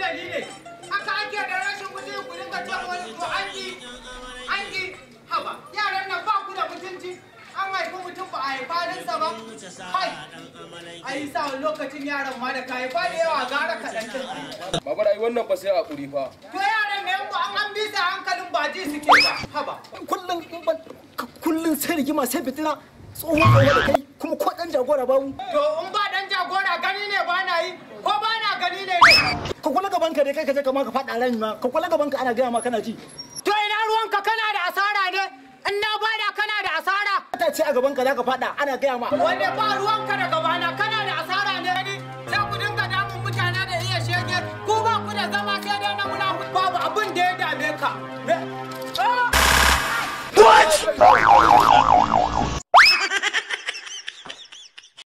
dalili ne haka ake da rashin kuɗi kudin dinga ta wani ko an yi an haba yaran nan ba ku da mutunci an haifi mutum ba a haifa ninsa ba kai a yi sa lokacin yaran ma da kayi haifa da yawa gara kaɗan cin babar ai wannan ba sai a ƙuri fa to yaran mai yanku an an bisa hankalin ba ji suke ba haba kullum kullum sai rigima sai fitina tsohon kawai da kai kuma ko ɗan jagora babu to in ka kula gaban ka dai kai ka je kamar ka faɗa ran ma ka kula gaban ka ana gaya ma kana ji to ina ruwan ka kana da asara ne in na bada kana da asara ta ce a gaban ka za ka faɗa ana gaya ma wanda ba ruwan ka da gabana kana da asara ne za ku dinga damun mutane da iya shege ku ba ku da zama sai dai na muna babu abin da ya dame ka ah! What?